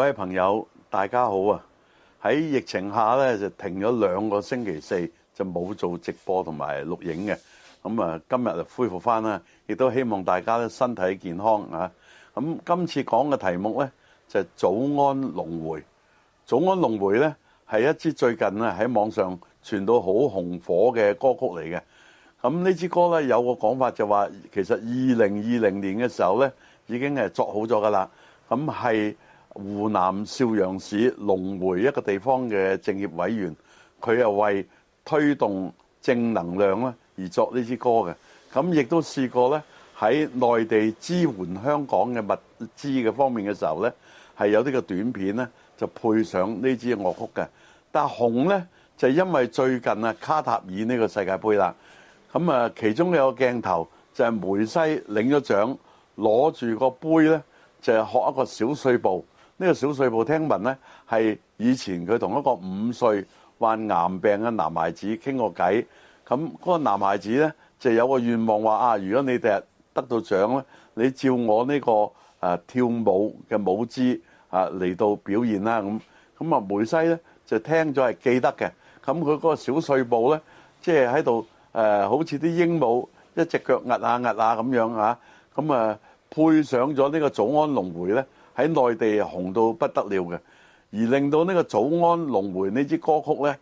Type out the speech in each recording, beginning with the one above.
各位朋友，大家好啊！喺疫情下咧，就停咗兩個星期四，就冇做直播同埋錄影嘅。咁啊，今日就恢復翻啦，亦都希望大家咧身體健康啊！咁今次講嘅題目呢，就係、是《早安隆回》。《早安隆回》呢，係一支最近咧喺網上傳到好紅火嘅歌曲嚟嘅。咁呢支歌呢，有個講法就話，其實二零二零年嘅時候呢，已經係作好咗噶啦。咁係。湖南邵陽市隆回一個地方嘅政協委員，佢又為推動正能量咧而作呢支歌嘅。咁亦都試過咧喺內地支援香港嘅物資嘅方面嘅時候咧，係有呢個短片咧就配上這支呢支樂曲嘅。但係紅咧就係因為最近啊卡塔爾呢個世界杯啦，咁啊其中有個鏡頭就係梅西領咗獎攞住個杯咧就學一個小碎步。呢、這個小碎步聽聞呢，係以前佢同一個五歲患癌病嘅男孩子傾個偈，咁嗰個男孩子呢，就有個願望話：啊，如果你第日得到獎咧，你照我呢個誒、啊、跳舞嘅舞姿啊嚟到表現啦咁。咁啊，梅西呢，就聽咗係記得嘅，咁佢嗰個小碎步呢，即係喺度誒，好似啲鸚鵡一隻腳壓下壓下咁樣嚇，咁啊配上咗呢個早安隆回呢。喺內地紅到不得了嘅，而令到呢、那個《早安隆回》呢支歌曲呢，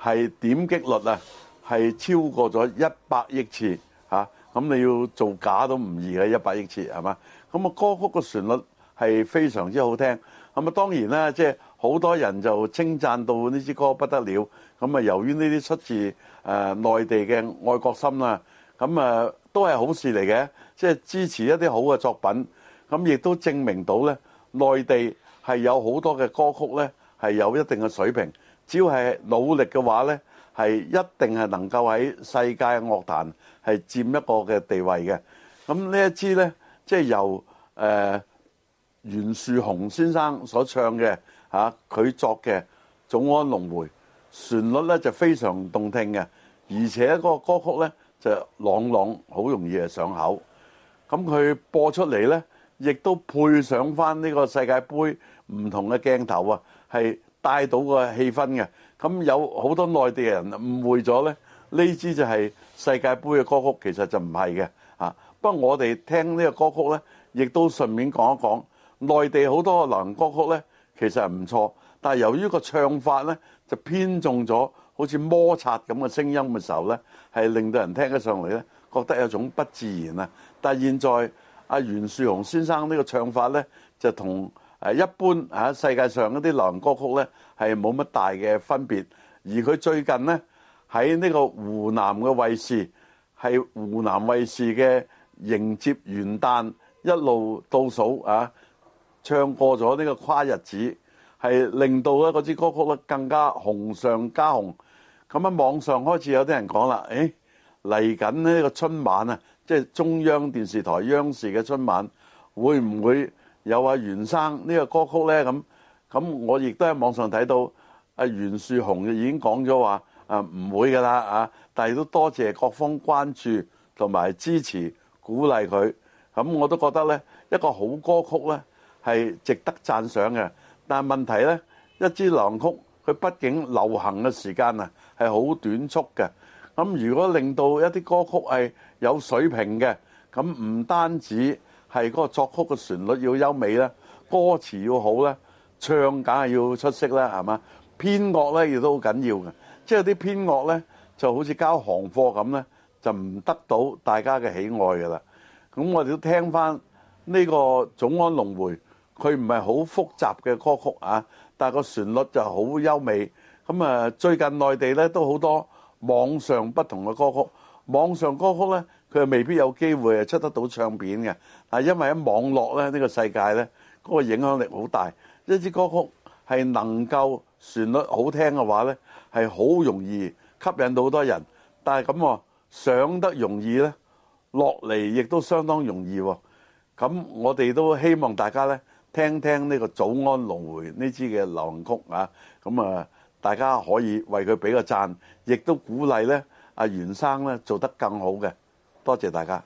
係點擊率啊，係超過咗一百億次嚇。咁你要做假都唔易嘅，一百億次係嘛？咁啊，歌曲個旋律係非常之好聽。咁啊，當然啦，即係好多人就稱讚到呢支歌不得了。咁啊，由於呢啲出自誒內地嘅愛國心啦，咁啊都係好事嚟嘅，即係支持一啲好嘅作品。咁亦都證明到呢。內地係有好多嘅歌曲呢，係有一定嘅水平。只要係努力嘅話呢，係一定係能夠喺世界樂壇係佔一個嘅地位嘅。咁呢一支呢，即係由、呃、袁樹雄先生所唱嘅嚇，佢作嘅《早安隆回》，旋律呢，就非常動聽嘅，而且嗰個歌曲呢，就朗朗，好容易上口。咁佢播出嚟呢。亦都配上翻呢個世界盃唔同嘅鏡頭啊，係帶到個氣氛嘅。咁有好多內地人誤會咗呢呢支就係世界盃嘅歌曲，其實就唔係嘅。不過我哋聽呢個歌曲呢，亦都順便講一講內地好多流行歌曲呢，其實唔錯，但係由於個唱法呢，就偏重咗，好似摩擦咁嘅聲音嘅時候呢，係令到人聽得上嚟呢，覺得有種不自然啊。但係現在阿袁樹雄先生呢個唱法呢，就同誒一般啊，世界上一啲流行歌曲呢，係冇乜大嘅分別。而佢最近呢，喺呢個湖南嘅衛視，係湖南衛視嘅迎接元旦一路倒數啊，唱過咗呢個跨日子，係令到呢嗰支歌曲咧更加紅上加紅。咁啊，網上開始有啲人講啦，誒嚟緊呢個春晚啊！即係中央電視台央視嘅春晚，會唔會有阿袁生呢個歌曲呢？咁咁，我亦都喺網上睇到阿袁樹雄已經講咗話啊，唔會㗎喇啊！但係都多謝各方關注同埋支持鼓勵佢。咁我都覺得呢一個好歌曲呢係值得讚賞嘅。但係問題呢，一支狼曲佢畢竟流行嘅時間啊係好短促嘅。咁如果令到一啲歌曲係，有水平嘅，咁唔單止係嗰個作曲嘅旋律要優美啦，歌詞要好啦，唱梗係要出色啦，係嘛？編樂咧亦都好緊要嘅，即係啲編樂咧就好似交行貨咁咧，就唔得到大家嘅喜愛噶啦。咁我哋都聽翻呢個《早安隆回》，佢唔係好複雜嘅歌曲啊，但係個旋律就好優美。咁啊，最近內地咧都好多網上不同嘅歌曲。網上歌曲呢，佢未必有機會出得到唱片嘅，但係因為喺網絡咧呢、呢個世界呢，嗰、嗰個影響力好大。一支歌曲係能夠旋律好聽嘅話呢，係好容易吸引到好多人。但係咁啊，上得容易呢，落嚟亦都相當容易、啊。咁我哋都希望大家呢，聽聽呢、呢個早安隆回呢支嘅流行曲啊，咁啊大家可以為佢俾個讚亦都鼓勵呢，阿袁生咧做得更好嘅，多謝大家。